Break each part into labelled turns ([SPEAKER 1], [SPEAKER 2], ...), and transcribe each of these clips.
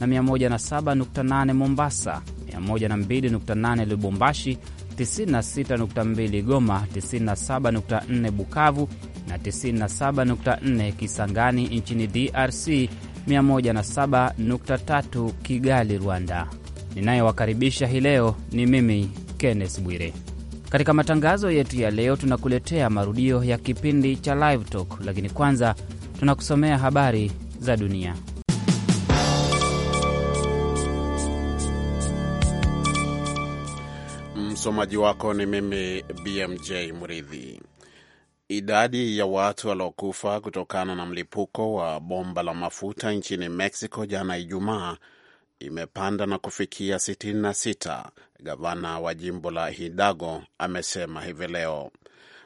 [SPEAKER 1] na 107.8 Mombasa, 102.8 Lubumbashi, 96.2 Goma, 97.4 Bukavu na 97.4 Kisangani nchini DRC, 107.3 Kigali, Rwanda. Ninayewakaribisha hii leo ni mimi Kenneth Bwire. Katika matangazo yetu ya leo tunakuletea marudio ya kipindi cha Live Talk, lakini kwanza tunakusomea habari za dunia.
[SPEAKER 2] Msomaji wako ni mimi BMJ Mridhi. Idadi ya watu waliokufa kutokana na mlipuko wa bomba la mafuta nchini Mexico jana Ijumaa imepanda na kufikia 66. Gavana wa jimbo la Hidalgo amesema hivi leo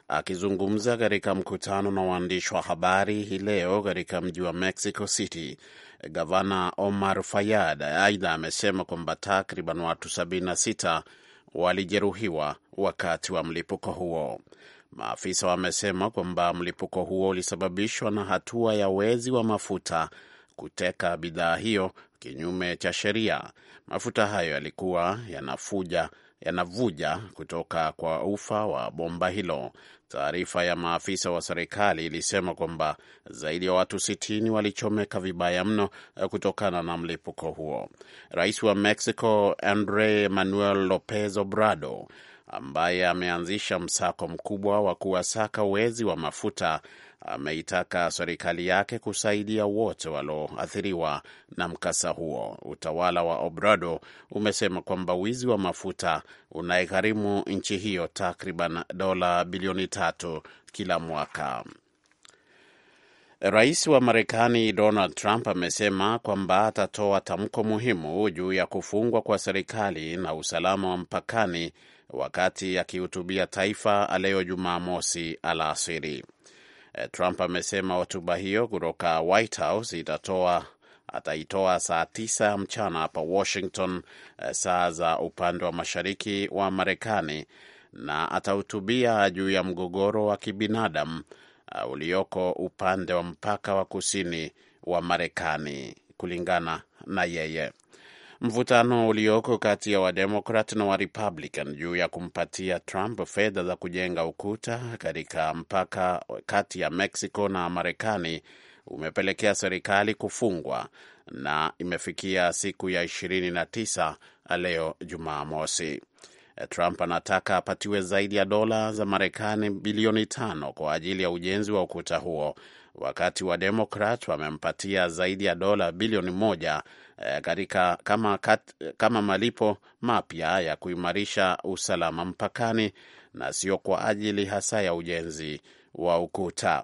[SPEAKER 2] akizungumza katika mkutano na waandishi wa habari hii leo katika mji wa Mexico City. Gavana Omar Fayad aidha amesema kwamba takriban watu 76 walijeruhiwa wakati wa mlipuko huo. Maafisa wamesema kwamba mlipuko huo ulisababishwa na hatua ya wezi wa mafuta kuteka bidhaa hiyo kinyume cha sheria. Mafuta hayo yalikuwa yanafuja yanavuja kutoka kwa ufa wa bomba hilo. Taarifa ya maafisa wa serikali ilisema kwamba zaidi ya watu 60 walichomeka vibaya mno eh, kutokana na mlipuko huo. Rais wa Mexico Andre Manuel Lopez Obrador ambaye ameanzisha msako mkubwa wa kuwasaka wezi wa mafuta ameitaka serikali yake kusaidia wote walioathiriwa na mkasa huo. Utawala wa Obrador umesema kwamba wizi wa mafuta unayegharimu nchi hiyo takriban dola bilioni tatu kila mwaka. Rais wa Marekani Donald Trump amesema kwamba atatoa tamko muhimu juu ya kufungwa kwa serikali na usalama wa mpakani wakati akihutubia taifa leo Jumamosi alasiri. Eh, Trump amesema hotuba hiyo kutoka White House itatoa ataitoa saa tisa mchana hapa Washington, eh, saa za upande wa mashariki wa Marekani, na atahutubia juu ya mgogoro wa kibinadamu eh, ulioko upande wa mpaka wa kusini wa Marekani, kulingana na yeye mvutano ulioko kati ya Wademokrat na Warepublican juu ya kumpatia Trump fedha za kujenga ukuta katika mpaka kati ya Mexico na Marekani umepelekea serikali kufungwa na imefikia siku ya 29 leo Jumamosi. Trump anataka apatiwe zaidi ya dola za Marekani bilioni tano kwa ajili ya ujenzi wa ukuta huo wakati wa Demokrat wamempatia zaidi ya dola bilioni moja eh, katika kama, kat, kama malipo mapya ya kuimarisha usalama mpakani na sio kwa ajili hasa ya ujenzi wa ukuta.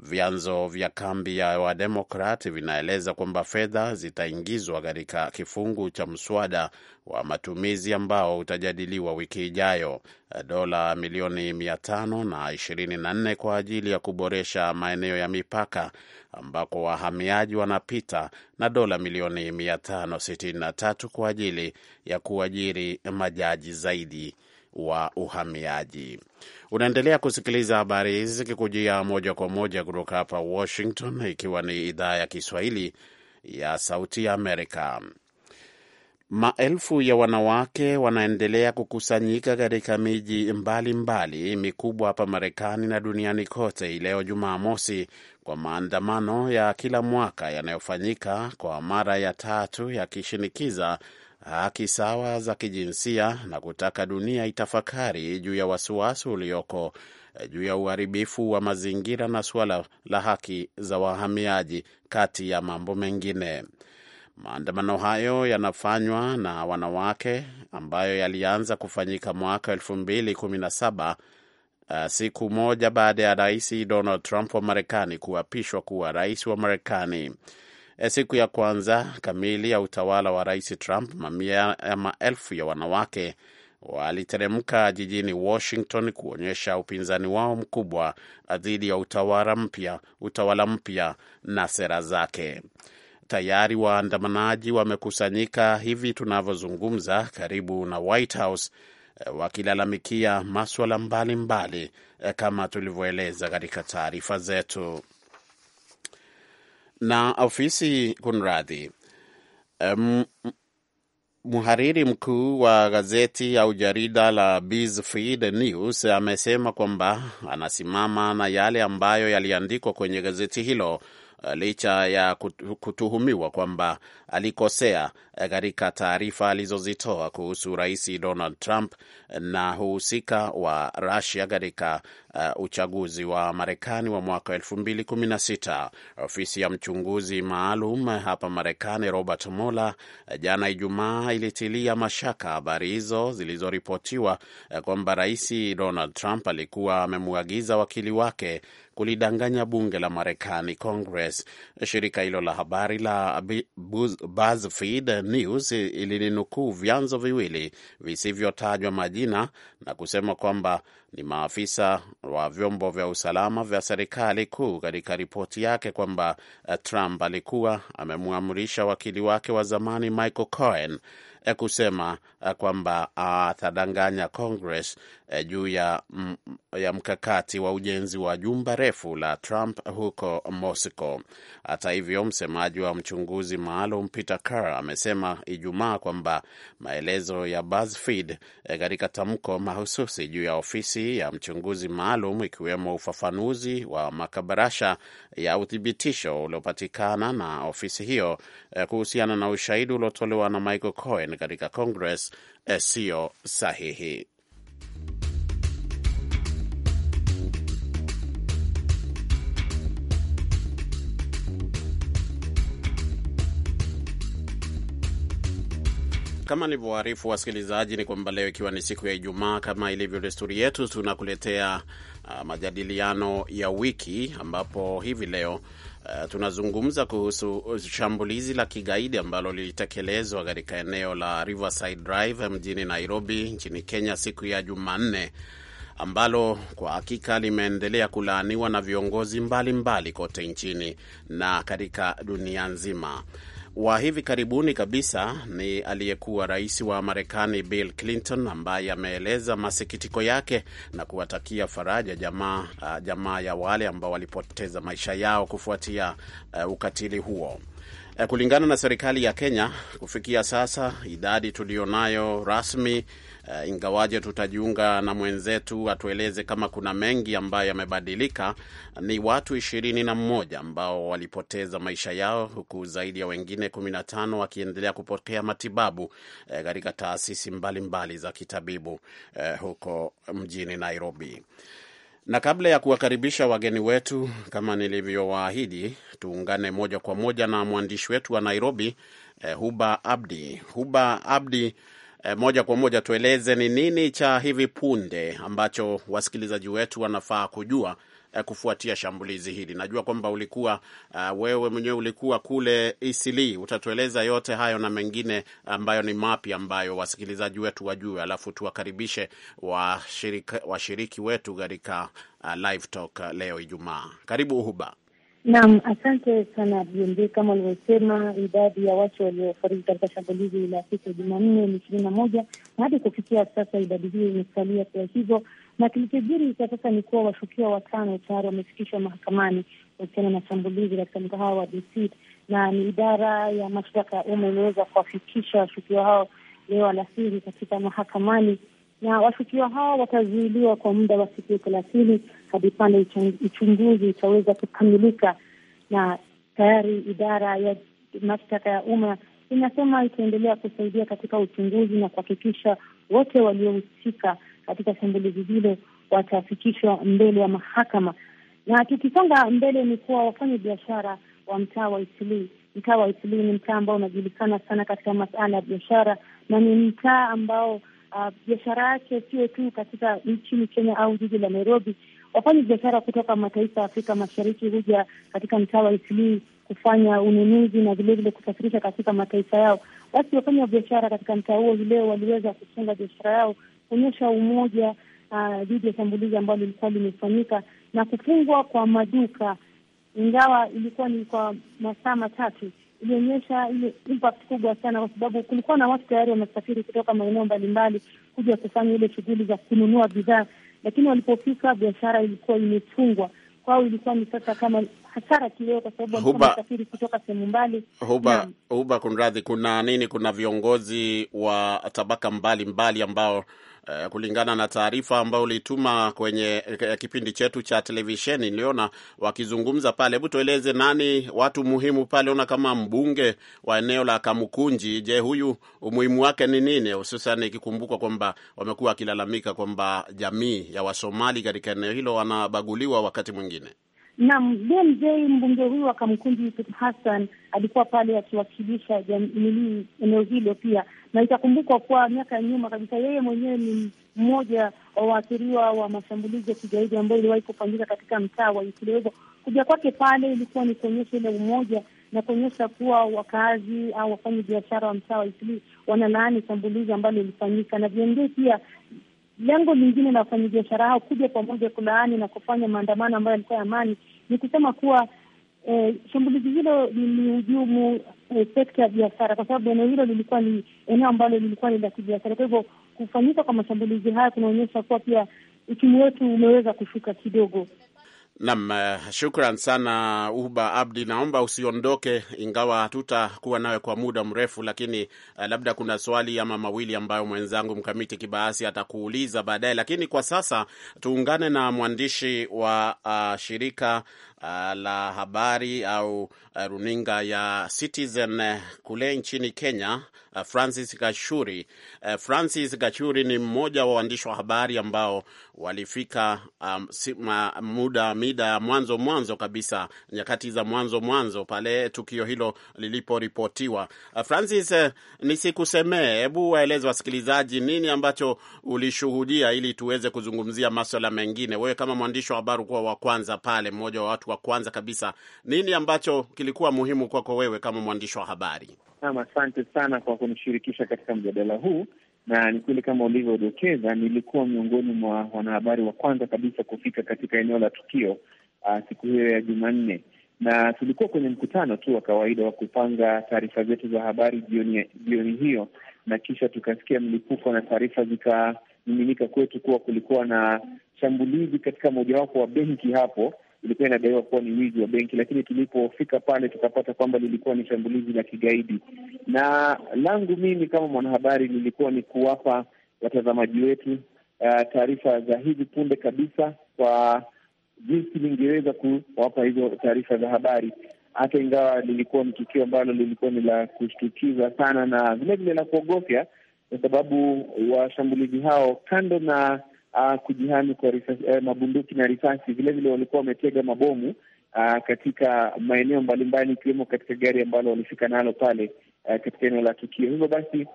[SPEAKER 2] Vyanzo vya kambi ya Wademokrat vinaeleza kwamba fedha zitaingizwa katika kifungu cha mswada wa matumizi ambao utajadiliwa wiki ijayo, dola milioni mia tano na ishirini na nne kwa ajili ya kuboresha maeneo ya mipaka ambako wahamiaji wanapita na dola milioni mia tano sitini na tatu kwa ajili ya kuajiri majaji zaidi wa uhamiaji. Unaendelea kusikiliza habari hizi zikikujia moja kwa moja kutoka hapa Washington, ikiwa ni idhaa ya Kiswahili ya Sauti ya Amerika. Maelfu ya wanawake wanaendelea kukusanyika katika miji mbalimbali mikubwa hapa Marekani na duniani kote leo Jumamosi kwa maandamano ya kila mwaka yanayofanyika kwa mara ya tatu yakishinikiza haki sawa za kijinsia na kutaka dunia itafakari juu ya wasiwasi ulioko eh, juu ya uharibifu wa mazingira na suala la haki za wahamiaji kati ya mambo mengine. Maandamano hayo yanafanywa na wanawake ambayo yalianza kufanyika mwaka 2017 eh, siku moja baada ya Rais Donald Trump wa Marekani kuapishwa kuwa rais wa Marekani. Eh, siku ya kwanza kamili ya utawala wa Rais Trump, mamia ya maelfu ya wanawake waliteremka jijini Washington kuonyesha upinzani wao mkubwa eh, dhidi ya utawala mpya utawala mpya na sera zake. Tayari waandamanaji wamekusanyika hivi tunavyozungumza karibu na White House eh, wakilalamikia maswala mbalimbali mbali, kama tulivyoeleza katika taarifa zetu na ofisi kunradhi, um, mhariri mkuu wa gazeti au jarida la BuzzFeed News amesema kwamba anasimama na yale ambayo yaliandikwa kwenye gazeti hilo licha ya kutuhumiwa kwamba alikosea Eh, katika taarifa alizozitoa kuhusu Rais Donald Trump na uhusika wa Rusia katika uh, uchaguzi wa Marekani wa mwaka 2016. Ofisi ya mchunguzi maalum hapa Marekani Robert Mueller eh, jana Ijumaa ilitilia mashaka habari hizo zilizoripotiwa kwamba Rais Donald Trump alikuwa amemwagiza wakili wake kulidanganya bunge la Marekani, Congress. Shirika hilo la habari la BuzzFeed News ilininukuu vyanzo viwili visivyotajwa majina na kusema kwamba ni maafisa wa vyombo vya usalama vya serikali kuu katika ripoti yake kwamba eh, Trump alikuwa amemwamrisha wakili wake wa zamani Michael Cohen eh, kusema eh, kwamba atadanganya Congress juu ya, mm, ya mkakati wa ujenzi wa jumba refu la Trump huko Moscow. Hata hivyo, msemaji wa mchunguzi maalum Peter car amesema Ijumaa kwamba maelezo ya BuzzFeed katika tamko mahususi juu ya ofisi ripoti ya mchunguzi maalum ikiwemo ufafanuzi wa makabarasha ya uthibitisho uliopatikana na ofisi hiyo eh, kuhusiana na ushahidi uliotolewa na Michael Cohen katika Congress eh, siyo sahihi. Kama nilivyoarifu wasikilizaji, ni kwamba leo ikiwa ni siku ya Ijumaa, kama ilivyo desturi yetu, tunakuletea uh, majadiliano ya wiki, ambapo hivi leo uh, tunazungumza kuhusu shambulizi la kigaidi ambalo lilitekelezwa katika eneo la Riverside Drive mjini Nairobi nchini Kenya siku ya Jumanne, ambalo kwa hakika limeendelea kulaaniwa na viongozi mbalimbali mbali kote nchini na katika dunia nzima wa hivi karibuni kabisa ni aliyekuwa rais wa Marekani Bill Clinton ambaye ameeleza masikitiko yake na kuwatakia faraja jamaa, uh, jamaa ya wale ambao walipoteza maisha yao kufuatia uh, ukatili huo. Eh, kulingana na serikali ya Kenya, kufikia sasa idadi tuliyonayo rasmi uh, ingawaje tutajiunga na mwenzetu atueleze kama kuna mengi ambayo yamebadilika. Ni watu ishirini na mmoja ambao walipoteza maisha yao huku zaidi ya wengine kumi na tano wakiendelea kupokea matibabu eh, katika uh, taasisi mbalimbali mbali za kitabibu uh, huko mjini Nairobi na kabla ya kuwakaribisha wageni wetu kama nilivyowaahidi, tuungane moja kwa moja na mwandishi wetu wa Nairobi eh, Huba Abdi. Huba Abdi Eh, moja kwa moja tueleze ni nini cha hivi punde ambacho wasikilizaji wetu wanafaa kujua eh, kufuatia shambulizi hili. Najua kwamba ulikuwa uh, wewe mwenyewe ulikuwa kule Isili. Utatueleza yote hayo na mengine ambayo ni mapya ambayo wasikilizaji wetu wajue, alafu tuwakaribishe washiriki wetu katika uh, live talk leo Ijumaa. Karibu Uhuba.
[SPEAKER 3] Naam, asante sana BMJ. Kama ulivyosema, idadi ya watu waliofariki katika shambulizi la siku ya Jumanne ni ishirini na moja na hadi kufikia sasa idadi hiyo imesalia kwa hivyo, na kilichojiri cha sasa ni kuwa washukiwa watano tayari wamefikishwa mahakamani kuhusiana na shambulizi katika mgahawa wa DC, na ni idara ya mashtaka ya umma imeweza kuwafikisha washukiwa hao leo alasiri katika mahakamani na washukiwa hao watazuiliwa kwa muda wa siku thelathini hadi pale uchunguzi utaweza kukamilika. Na tayari idara ya mashtaka ya umma inasema itaendelea kusaidia katika uchunguzi na kuhakikisha wote waliohusika katika shambulizi hilo watafikishwa mbele ya mahakama. Na tukisonga mbele, ni kuwa wafanya biashara wa mtaa wa Itilii. Mtaa wa Itilii ni mtaa ambao unajulikana sana katika masala ya biashara na ni mtaa ambao Ah, biashara yake sio tu katika nchini Kenya au jiji la Nairobi. Wafanya biashara kutoka mataifa ya Afrika Mashariki huja katika mtaa wa Isilii kufanya ununuzi na vilevile kusafirisha katika mataifa yao. Basi wafanya biashara katika mtaa huo hileo waliweza kufunga biashara yao, kuonyesha umoja ah, dhidi uh, ya shambulizi ambalo lilikuwa limefanyika na kufungwa kwa maduka, ingawa ilikuwa ni kwa masaa matatu ilionyesha ile impact kubwa sana, kwa sababu kulikuwa na watu tayari wamesafiri kutoka maeneo mbalimbali kuja kufanya ile shughuli za kununua bidhaa, lakini walipofika biashara ilikuwa imefungwa kwao. Ilikuwa ni sasa kama hasara kileo, kwa sababu wanasafiri kutoka sehemu mbali. Huba,
[SPEAKER 2] huba, kunradhi, kuna nini? Kuna viongozi wa tabaka mbalimbali mbali ambao Uh, kulingana na taarifa ambayo ulituma kwenye eh, kipindi chetu cha televisheni niliona wakizungumza pale. Hebu tueleze nani watu muhimu pale, ona kama mbunge wa eneo la Kamukunji. Je, huyu umuhimu wake ni nini, hususan ikikumbukwa kwamba wamekuwa wakilalamika kwamba jamii ya Wasomali katika eneo hilo wanabaguliwa wakati mwingine
[SPEAKER 3] Naam, BMJ mbunge huyu wa Kamkunji Yusuf Hassan alikuwa pale akiwakilisha jamii eneo hilo pia, na itakumbukwa kwa miaka ya nyuma kabisa, yeye mwenyewe ni mmoja wa waathiriwa wa mashambulizi ya kigaidi ambayo iliwahi kufanyika katika mtaa wa Ukilevo. Kuja kwake pale ilikuwa ni kuonyesha ile umoja na kuonyesha kuwa wakaazi au wafanya biashara wa mtaa wa Isli wanalaani shambulizi ambalo lilifanyika na viongozi pia Lengo lingine la wafanyabiashara hao kuja pamoja kulaani na kufanya maandamano ambayo yalikuwa ya amani ni kusema kuwa eh, shambulizi hilo lilihujumu eh, sekta ya biashara, kwa sababu eneo hilo lilikuwa ni eneo ambalo lilikuwa ni la kibiashara. Kwa hivyo kufanyika kwa mashambulizi haya kunaonyesha kuwa pia uchumi wetu umeweza kushuka kidogo.
[SPEAKER 2] Nam, eh, shukran sana Uba Abdi. Naomba usiondoke, ingawa hatutakuwa nawe kwa muda mrefu, lakini uh, labda kuna swali ama mawili ambayo mwenzangu Mkamiti Kibayasi atakuuliza baadaye, lakini kwa sasa tuungane na mwandishi wa uh, shirika Ah, la habari au eh, runinga ya Citizen eh, kule nchini Kenya, eh, Francis Gachuri. Francis Gachuri ni mmoja wa waandishi wa habari ambao walifika um, muda mida ya mwanzo mwanzo kabisa, nyakati za mwanzo mwanzo pale tukio hilo liliporipotiwa. Francis, ni sikusemee, hebu waeleze wasikilizaji nini ambacho ulishuhudia, ili tuweze kuzungumzia maswala mengine. Wewe kama mwandishi wa habari kuwa wa kwanza pale, mmoja wa watu kwa kwanza kabisa, nini ambacho kilikuwa muhimu kwako wewe kama mwandishi wa habari?
[SPEAKER 4] Naam, asante sana kwa kunishirikisha katika mjadala huu, na ni kweli kama ulivyodokeza, nilikuwa miongoni mwa wanahabari wa kwanza kabisa kufika katika eneo la tukio uh, siku hiyo ya Jumanne, na tulikuwa kwenye mkutano tu wa kawaida wa kupanga taarifa zetu za habari jioni, jioni hiyo, na kisha tukasikia mlipuko na taarifa zikamiminika kwetu kuwa kulikuwa na shambulizi katika mojawapo wa benki hapo ilikuwa inadaiwa kuwa ni wizi wa benki, lakini tulipofika pale tukapata kwamba lilikuwa ni shambulizi la kigaidi. Na langu mimi kama mwanahabari lilikuwa ni kuwapa watazamaji wetu uh, taarifa za hivi punde kabisa kwa jinsi ningeweza kuwapa hizo taarifa za habari, hata ingawa lilikuwa ni tukio ambalo lilikuwa ni la kushtukiza sana na vilevile la kuogofya, kwa sababu washambulizi hao kando na uh, kujihami kwa risasi, eh, mabunduki na risasi. Vilevile walikuwa wametega mabomu uh, katika maeneo mbalimbali ikiwemo katika gari ambalo walifika nalo pale uh, katika eneo la tukio. Hivyo basi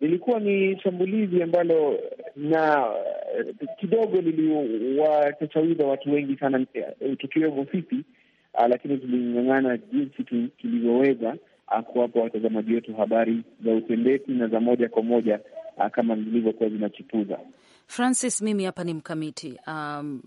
[SPEAKER 4] lilikuwa ni shambulizi ambalo na eh, kidogo liliwatachawiza watu wengi sana, eh, tukio hivyo uh, ah, lakini tuling'ang'ana jinsi tulivyoweza kuwapa watazamaji wetu habari za upembeti na za moja kwa moja kama zilivyokuwa zinachipuza.
[SPEAKER 5] Francis, mimi hapa ni mkamiti um,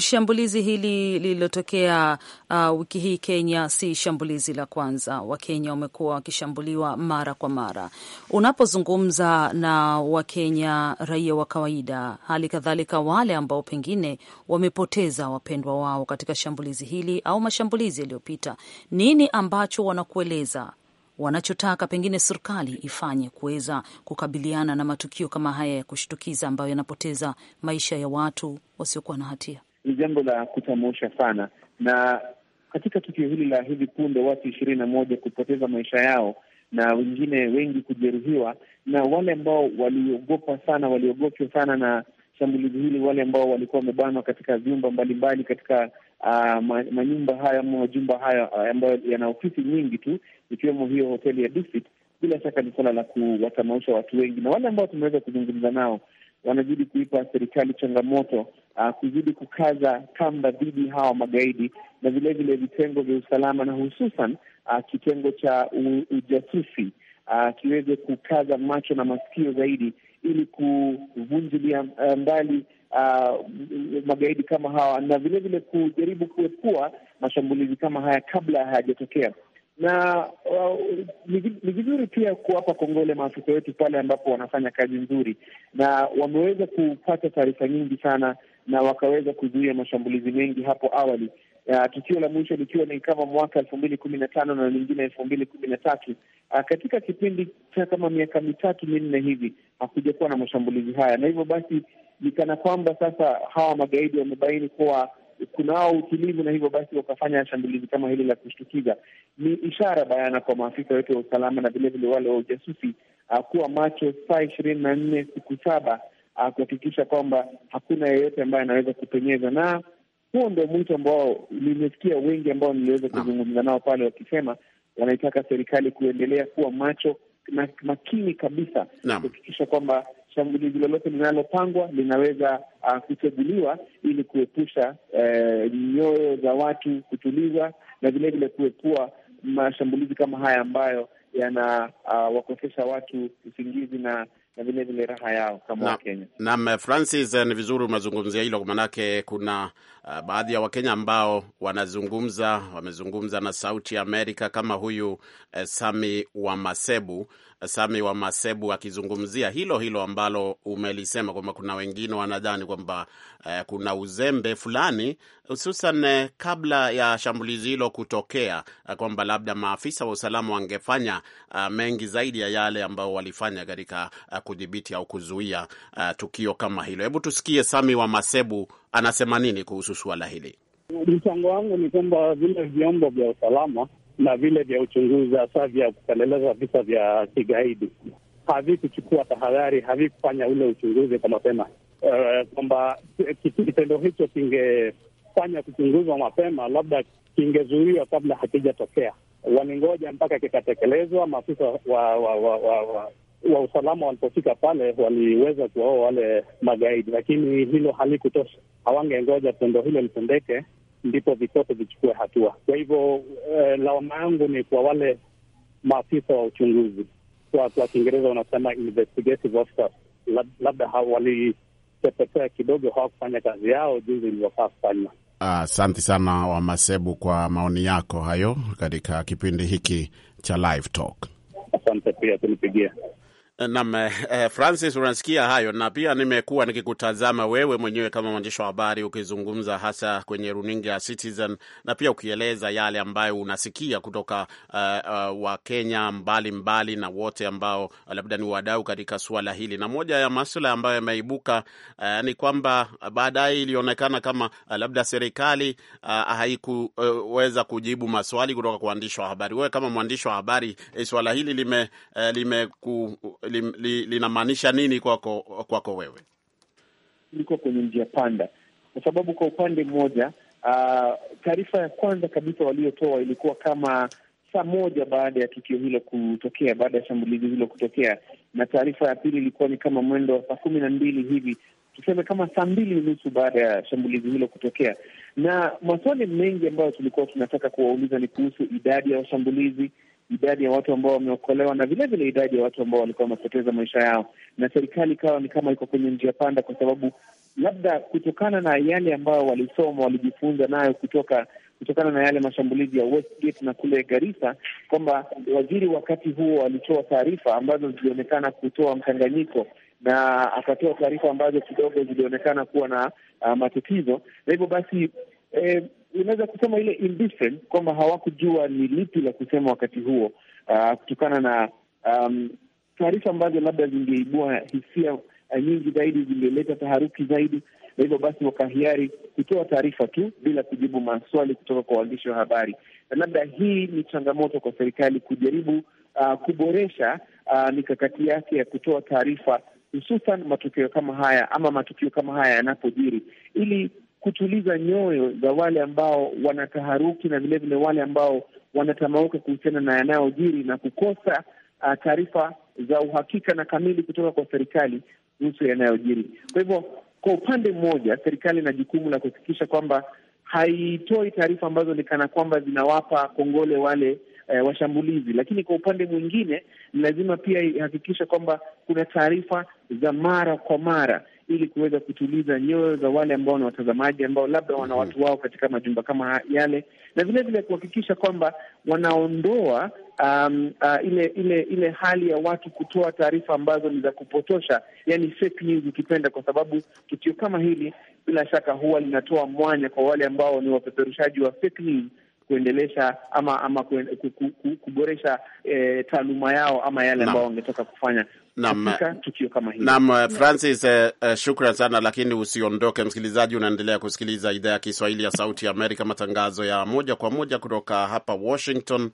[SPEAKER 5] Shambulizi hili lililotokea uh, wiki hii Kenya si shambulizi la kwanza. Wakenya wamekuwa wakishambuliwa mara kwa mara. Unapozungumza na Wakenya raia wa kawaida, hali kadhalika wale ambao pengine wamepoteza wapendwa wao katika shambulizi hili au mashambulizi yaliyopita, nini ambacho wanakueleza wanachotaka pengine serikali ifanye kuweza kukabiliana na matukio kama haya ya kushtukiza ambayo yanapoteza maisha ya watu wasiokuwa na hatia?
[SPEAKER 4] Ni jambo la kutamosha sana, na katika tukio hili la hivi punde watu ishirini na moja kupoteza maisha yao na wengine wengi kujeruhiwa, na wale ambao waliogopa sana, waliogopwa sana na shambulizi hili, wale ambao walikuwa wamebanwa katika vyumba mbalimbali katika uh, manyumba hayo ama majumba hayo ah, ambayo yana ofisi nyingi tu ikiwemo hiyo hoteli ya Dusit, bila shaka ni suala la kuwatamausha watu wengi, na wale ambao tumeweza kuzungumza nao wanazidi kuipa serikali changamoto uh, kuzidi kukaza kamba dhidi hawa magaidi na vilevile vitengo vya usalama na hususan uh, kitengo cha ujasusi uh, kiweze kukaza macho na masikio zaidi ili kuvunjilia eh, mbali uh, magaidi kama hawa na vilevile kujaribu kuepua mashambulizi kama haya kabla hayajatokea na uh, ni vizuri pia kuwapa kongole maafisa wetu pale ambapo wanafanya kazi nzuri, na wameweza kupata taarifa nyingi sana na wakaweza kuzuia mashambulizi mengi hapo awali. Uh, tukio la mwisho likiwa ni kama mwaka elfu mbili kumi na tano na lingine elfu mbili kumi na tatu uh, katika kipindi cha kama miaka mitatu minne hivi hakujakuwa na mashambulizi haya, na hivyo basi ni kana kwamba sasa hawa magaidi wamebaini kuwa kunao utulivu, na hivyo basi wakafanya shambulizi kama hili la kushtukiza. Ni ishara bayana kwa maafisa wetu wa usalama na vilevile wale wa ujasusi ah, kuwa macho saa ishirini na nne siku saba ah, kuhakikisha kwamba hakuna yeyote ambaye anaweza kupenyeza, na huo ndio mwito ambao nimesikia wengi ambao niliweza kuzungumza nao pale wakisema wanaitaka serikali kuendelea kuwa macho na makini kabisa kuhakikisha kwamba shambulizi lolote linalopangwa linaweza uh, kuchaguliwa ili kuepusha uh, nyoyo za watu kutuliza na vilevile kuepua mashambulizi kama haya ambayo yanawakosesha ah, uh, watu usingizi na na raha yao
[SPEAKER 2] kama Wakenya. Naam, Francis, eh, ni vizuri umezungumzia hilo, maanake kuna uh, baadhi ya Wakenya ambao wanazungumza wamezungumza na Sauti ya Amerika kama huyu uh, eh, Sami wa Masebu Sami wa Masebu akizungumzia hilo hilo ambalo umelisema kwamba kuna wengine wanadhani kwamba eh, kuna uzembe fulani hususan eh, kabla ya shambulizi hilo kutokea eh, kwamba labda maafisa wa usalama wangefanya eh, mengi zaidi ya yale ambao walifanya katika eh, kudhibiti au kuzuia eh, tukio kama hilo. Hebu tusikie Sami wa Masebu anasema nini kuhusu suala hili.
[SPEAKER 4] Mchango wangu ni kwamba vile vyombo vya usalama na vile vya uchunguzi hasa vya kupeleleza visa vya kigaidi havikuchukua tahadhari, havikufanya ule uchunguzi kwa mapema, eh, kwamba uh, kitendo hicho kingefanya kuchunguzwa mapema, labda kingezuiwa kabla hakijatokea. Walingoja mpaka kikatekelezwa. Maafisa wa, wa, wa, wa, wa, wa usalama walipofika pale waliweza kuwaoa wale magaidi, lakini hilo halikutosha. Hawangengoja tendo hilo litendeke ndipo vikosi vichukue hatua. Kwa hivyo eh, lawama yangu ni kwa wale maafisa wa uchunguzi, kwa kwa Kiingereza wanasema investigative officers, labda walitepetea kidogo, hawakufanya kazi yao jinsi ilivyofaa kufanywa.
[SPEAKER 2] Asante ah, sana Wamasebu kwa maoni yako hayo katika kipindi hiki cha Live Talk. Asante pia kunipigia. Eh, naam, eh, eh, Francis, unasikia hayo, na pia nimekuwa nikikutazama wewe mwenyewe kama mwandishi wa habari ukizungumza hasa kwenye runinga ya Citizen na pia ukieleza yale ambayo unasikia kutoka uh, eh, uh, Wakenya mbalimbali na wote ambao labda ni wadau katika suala hili, na moja ya maswala ambayo yameibuka uh, ni kwamba baadaye ilionekana kama uh, labda serikali uh, haikuweza uh, kujibu maswali kutoka kwa waandishi wa habari. Wewe kama mwandishi wa habari, eh, suala hili lime, uh, lime ku, linamaanisha li, nini kwako kwako wewe?
[SPEAKER 4] Liko kwenye njia panda, kwa sababu kwa upande mmoja uh, taarifa ya kwanza kabisa waliotoa ilikuwa kama saa moja baada ya tukio hilo kutokea, baada ya shambulizi hilo kutokea, na taarifa ya pili ilikuwa ni kama mwendo wa saa kumi na mbili hivi, tuseme kama saa mbili nusu baada ya shambulizi hilo kutokea. Na maswali mengi ambayo tulikuwa tunataka kuwauliza ni kuhusu idadi ya washambulizi idadi ya watu ambao wameokolewa na vilevile idadi ya watu ambao walikuwa wamepoteza maisha yao, na serikali ikawa ni kama iko kwenye njia panda, kwa sababu labda kutokana na yale ambayo walisoma walijifunza nayo kutoka kutokana na yale mashambulizi ya Westgate na kule Garissa, kwamba waziri wakati huo alitoa taarifa ambazo zilionekana kutoa mchanganyiko na akatoa taarifa ambazo kidogo zilionekana kuwa na uh, matatizo, na hivyo basi eh, inaweza kusema ile kwamba hawakujua ni lipi la kusema wakati huo, uh, kutokana na um, taarifa ambazo labda zingeibua hisia uh, nyingi zaidi, zingeleta taharuki zaidi, na hivyo basi wakahiari kutoa taarifa tu bila kujibu maswali kutoka kwa waandishi wa habari. Na labda hii ni changamoto kwa serikali kujaribu uh, kuboresha uh, mikakati yake ya kutoa taarifa, hususan matukio kama haya ama matukio kama haya yanapojiri, ili kutuliza nyoyo za wale ambao wanataharuki na vilevile wale ambao wanatamauka kuhusiana na yanayojiri na kukosa uh, taarifa za uhakika na kamili kutoka kwa serikali kuhusu yanayojiri. Kwa hivyo, kwa upande mmoja, serikali ina jukumu la kuhakikisha kwamba haitoi taarifa ambazo ni kana kwamba zinawapa kongole wale eh, washambulizi. Lakini kwa upande mwingine, lazima pia ihakikisha kwamba kuna taarifa za mara kwa mara ili kuweza kutuliza nyoyo za wale ambao ni watazamaji ambao labda wana mhm. watu wao katika majumba kama yale, na vilevile kuhakikisha kwamba wanaondoa um, uh, ile ile ile hali ya watu kutoa taarifa ambazo ni za kupotosha, yani fake news ukipenda, kwa sababu tukio kama hili bila shaka huwa linatoa mwanya kwa wale ambao ni wapeperushaji wa fake news kuendelesha ama ama kuboresha e, taaluma yao ama yale ambayo wangetaka kufanya katika eh, tukio kama hili.
[SPEAKER 2] Naam, eh, Francis, eh, eh, shukran sana, lakini usiondoke msikilizaji, unaendelea kusikiliza idhaa ya Kiswahili ya Sauti ya Amerika, matangazo ya moja kwa moja kutoka hapa Washington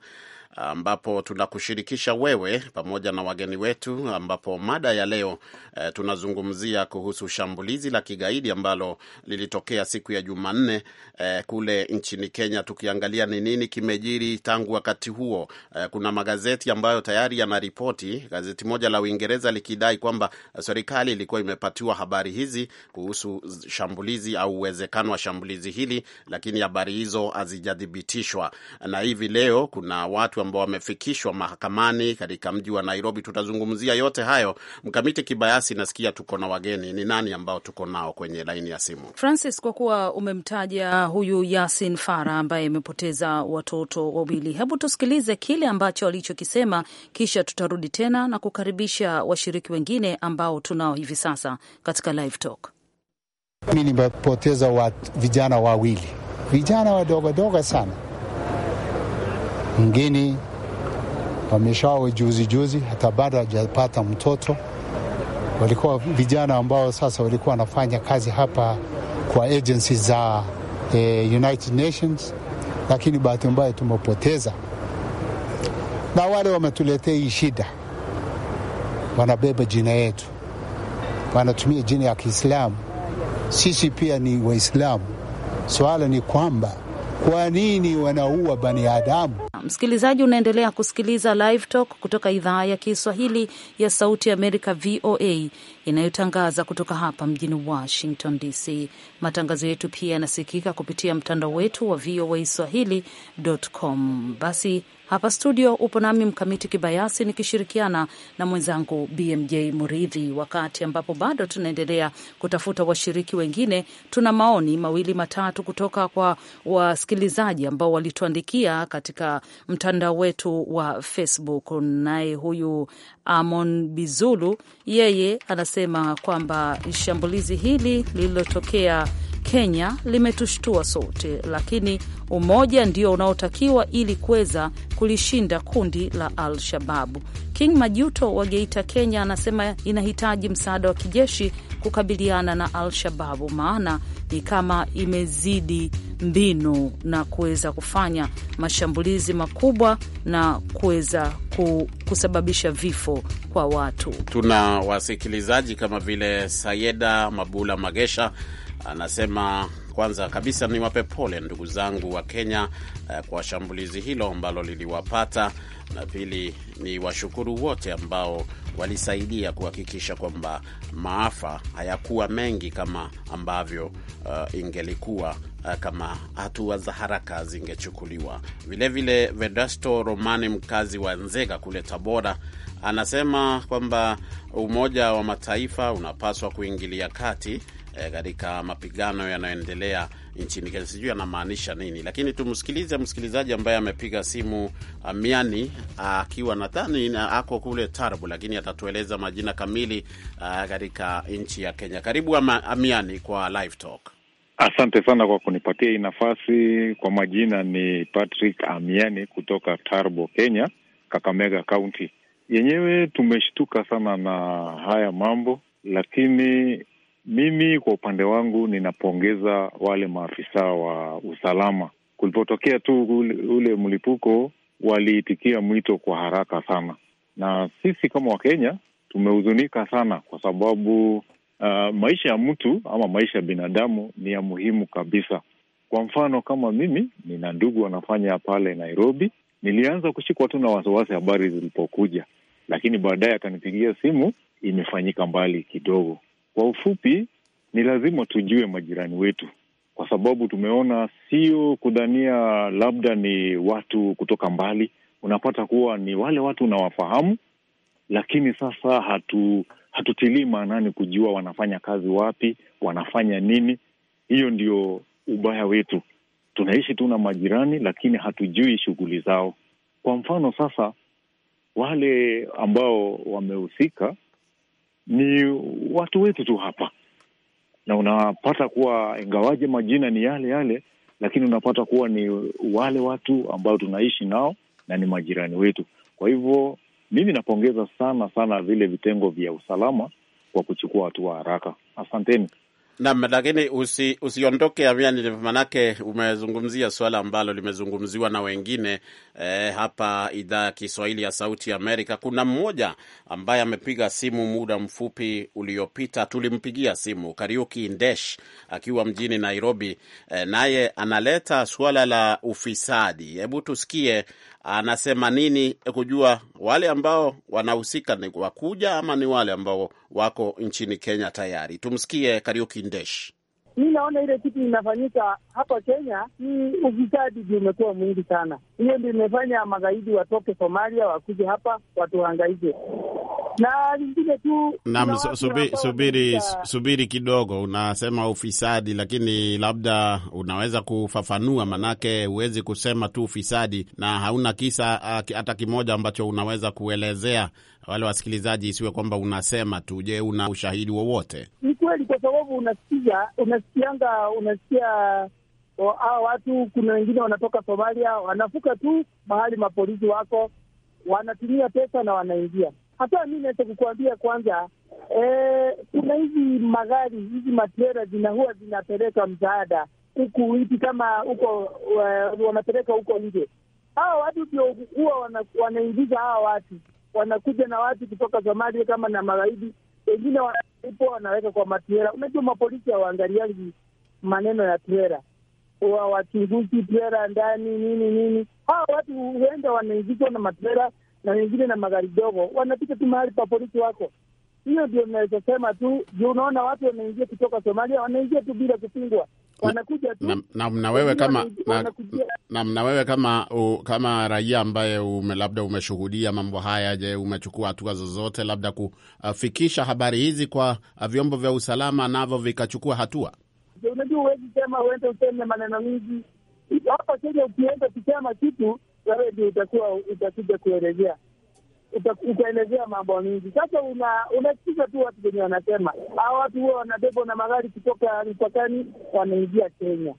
[SPEAKER 2] ambapo tunakushirikisha wewe pamoja na wageni wetu, ambapo mada ya leo e, tunazungumzia kuhusu shambulizi la kigaidi ambalo lilitokea siku ya Jumanne e, kule nchini Kenya, tukiangalia ni nini kimejiri tangu wakati huo. E, kuna magazeti ambayo tayari yanaripoti, gazeti moja la Uingereza likidai kwamba serikali ilikuwa imepatiwa habari hizi kuhusu shambulizi au uwezekano wa shambulizi hili, lakini habari hizo hazijathibitishwa, na hivi leo kuna watu ambao wamefikishwa mahakamani katika mji wa Nairobi. Tutazungumzia yote hayo. Mkamiti Kibayasi, nasikia tuko na wageni. Ni nani ambao tuko nao kwenye laini ya simu?
[SPEAKER 5] Francis, kwa kuwa umemtaja huyu Yasin Fara ambaye amepoteza watoto wawili, hebu tusikilize kile ambacho alichokisema, kisha tutarudi tena na kukaribisha washiriki wengine ambao tunao hivi sasa katika live talk.
[SPEAKER 2] Mi nimepoteza vijana wawili, vijana wadogodogo sana wengine wameshaoa juzi juzi, hata bado hajapata mtoto. Walikuwa vijana ambao sasa walikuwa wanafanya kazi hapa kwa agency za eh, United Nations, lakini bahati mbaya tumepoteza, na wale wametuletea hii shida, wanabeba jina yetu, wanatumia jina ya Kiislamu. Sisi pia ni Waislamu. Swala ni kwamba kwa nini wanaua bani adamu
[SPEAKER 5] Msikilizaji, unaendelea kusikiliza Live Talk kutoka idhaa ya Kiswahili ya Sauti Amerika, VOA, inayotangaza kutoka hapa mjini Washington DC. Matangazo yetu pia yanasikika kupitia mtandao wetu wa VOA swahili.com. Basi hapa studio upo nami Mkamiti Kibayasi nikishirikiana na mwenzangu BMJ Muridhi, wakati ambapo bado tunaendelea kutafuta washiriki wengine. Tuna maoni mawili matatu kutoka kwa wasikilizaji ambao walituandikia katika mtandao wetu wa Facebook. Naye huyu Amon Bizulu, yeye anasema kwamba shambulizi hili lililotokea Kenya limetushtua sote, lakini umoja ndio unaotakiwa ili kuweza kulishinda kundi la Al-Shababu. King Majuto wa Geita, Kenya, anasema inahitaji msaada wa kijeshi kukabiliana na Al-Shababu, maana ni kama imezidi mbinu na kuweza kufanya mashambulizi makubwa na kuweza kusababisha vifo kwa watu.
[SPEAKER 2] Tuna wasikilizaji kama vile Sayeda Mabula Magesha Anasema kwanza kabisa niwape pole ndugu zangu wa Kenya eh, kwa shambulizi hilo ambalo liliwapata, na pili ni washukuru wote ambao walisaidia kuhakikisha kwamba maafa hayakuwa mengi kama ambavyo uh, ingelikuwa uh, kama hatua za haraka zingechukuliwa. Vilevile Vedasto Romani, mkazi wa Nzega kule Tabora, anasema kwamba Umoja wa Mataifa unapaswa kuingilia kati Eh, katika mapigano yanayoendelea nchini Kenya. Sijui anamaanisha nini, lakini tumsikilize msikilizaji ambaye amepiga simu Amiani ah, ah, akiwa nadhani ah, ako kule Tarbu, lakini atatueleza majina kamili katika nchi ya Kenya. Karibu Amiani kwa Live Talk.
[SPEAKER 6] Asante sana kwa kunipatia hii nafasi. Kwa majina ni Patrick Amiani kutoka Tarbo, Kenya, Kakamega kaunti Yenyewe tumeshtuka sana na haya mambo, lakini mimi kwa upande wangu ninapongeza wale maafisa wa usalama. Kulipotokea tu ule mlipuko, waliitikia mwito kwa haraka sana, na sisi kama Wakenya tumehuzunika sana, kwa sababu uh, maisha ya mtu ama maisha ya binadamu ni ya muhimu kabisa. Kwa mfano kama mimi nina ndugu wanafanya pale Nairobi, nilianza kushikwa tu na wasiwasi habari zilipokuja, lakini baadaye akanipigia simu, imefanyika mbali kidogo. Kwa ufupi, ni lazima tujue majirani wetu, kwa sababu tumeona sio kudhania labda ni watu kutoka mbali. Unapata kuwa ni wale watu unawafahamu, lakini sasa hatu hatutilii maanani kujua wanafanya kazi wapi, wanafanya nini. Hiyo ndio ubaya wetu. Tunaishi tu na majirani, lakini hatujui shughuli zao. Kwa mfano sasa, wale ambao wamehusika ni watu wetu tu hapa, na unapata kuwa ingawaje majina ni yale yale, lakini unapata kuwa ni wale watu ambao tunaishi nao na ni majirani wetu. Kwa hivyo mimi napongeza sana sana vile vitengo vya usalama kwa kuchukua hatua haraka. Asanteni.
[SPEAKER 2] Naam, lakini usi, usiondoke Amiani, manake umezungumzia swala ambalo limezungumziwa na wengine e, hapa idhaa ya Kiswahili ya Sauti Amerika. Kuna mmoja ambaye amepiga simu muda mfupi uliopita, tulimpigia simu Kariuki Ndesh akiwa mjini Nairobi e, naye analeta suala la ufisadi. Hebu tusikie anasema nini e, kujua wale ambao wanahusika ni wakuja ama ni wale ambao wako nchini Kenya tayari. Tumsikie Kariuki Ndeshi.
[SPEAKER 7] Mi naona ile kitu inafanyika hapa Kenya ni ufisadi, ndio umekuwa mwingi sana. Hiyo ndio imefanya magaidi watoke Somalia wakuje hapa watuhangaike na lingine tu
[SPEAKER 2] naam. Subiri, subiri, subiri kidogo. Unasema ufisadi, lakini labda unaweza kufafanua, manake huwezi kusema tu ufisadi na hauna kisa ah, hata kimoja ambacho unaweza kuelezea wale wasikilizaji, isiwe kwamba unasema tu. Je, una ushahidi wowote?
[SPEAKER 7] Ni kweli, kwa sababu unasikia unasikianga, unasikia hawa watu, kuna wengine wanatoka Somalia wanafuka tu mahali mapolisi wako, wanatumia pesa na wanaingia hata mi naweza kukuambia kwanza, eh, kuna e, hizi magari hizi matrela zinahua zinapeleka msaada huku hivi kama huko eh, wanapeleka huko nje. Hawa watu ndio huwa wanaingiza hawa watu, wanakuja na watu kutoka Somalia kama na magaidi wengine wanalipo wanaweka kwa matrela. Unajua mapolisi hawaangaliangi maneno ya trela, wachunguzi trela ndani nini nini. Hawa watu huenda wanaingizwa na matrela na wengine na magari dogo, wanapita tu mahali pa polisi wako. Hiyo ndio inaweza sema tu juu, unaona watu wanaingia kutoka Somalia, wanaingia tu bila kupingwa, wanakuja tu
[SPEAKER 2] na mna wewe kama na mna wewe kama kama raia ambaye ume, labda umeshuhudia mambo haya, je, umechukua hatua zozote labda kufikisha habari hizi kwa uh, vyombo vya usalama navyo vikachukua hatua?
[SPEAKER 7] Unajua huwezi sema, uende useme maneno mingi hapa Kenya. Ukienda kusema kitu wewe ndio utakuwa utakuja kuelezea utaelezea mambo mingi. Sasa unasikiza tu watu wenye wanasema hao watu huwa wanabebwa na magari kutoka mipakani, wanaingia Kenya,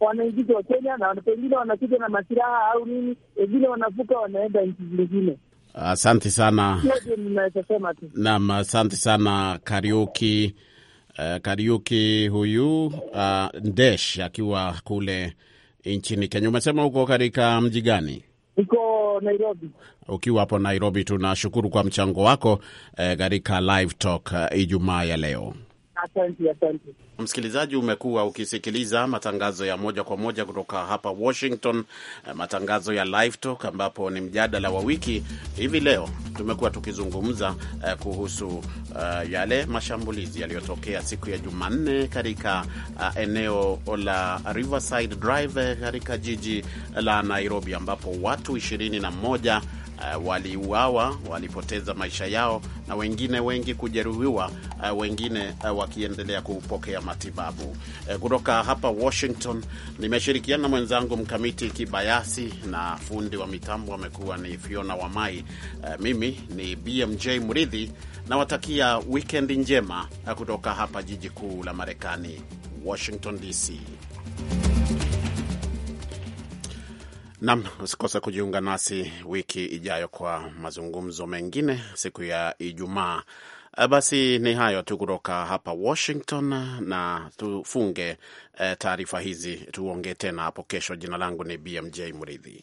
[SPEAKER 7] wanaingizwa Kenya na pengine wanakuja na masiraha au nini, wengine wanavuka wanaenda nchi zingine.
[SPEAKER 2] Asante sana, naam, asante sana Kariuki. Uh, Kariuki huyu uh, Ndesh akiwa kule nchini Kenya. Umesema huko katika mji gani?
[SPEAKER 7] Niko Nairobi.
[SPEAKER 2] Ukiwa hapo Nairobi, tunashukuru kwa mchango wako eh, katika eh, live talk eh, Ijumaa ya leo. Asante, asante. Msikilizaji, umekuwa ukisikiliza matangazo ya moja kwa moja kutoka hapa Washington, eh, matangazo ya Live Talk ambapo ni mjadala wa wiki. Hivi leo tumekuwa tukizungumza eh, kuhusu uh, yale mashambulizi yaliyotokea siku ya Jumanne katika uh, eneo la Riverside Drive katika jiji la Nairobi ambapo watu ishirini na moja uh, waliuawa, walipoteza maisha yao na wengine wengi kujeruhiwa, uh, wengine uh, wakiendelea kupokea matibabu. Kutoka hapa Washington nimeshirikiana na mwenzangu Mkamiti Kibayasi na fundi wa mitambo amekuwa ni Fiona Wamai. Uh, mimi ni BMJ Mridhi nawatakia wikendi njema kutoka hapa jiji kuu la Marekani, Washington DC. Nam, usikose kujiunga nasi wiki ijayo kwa mazungumzo mengine siku ya Ijumaa. Eh, basi ni hayo tu kutoka hapa Washington, na tufunge eh, taarifa hizi, tuongee tena hapo kesho. Jina langu ni BMJ Mridhi.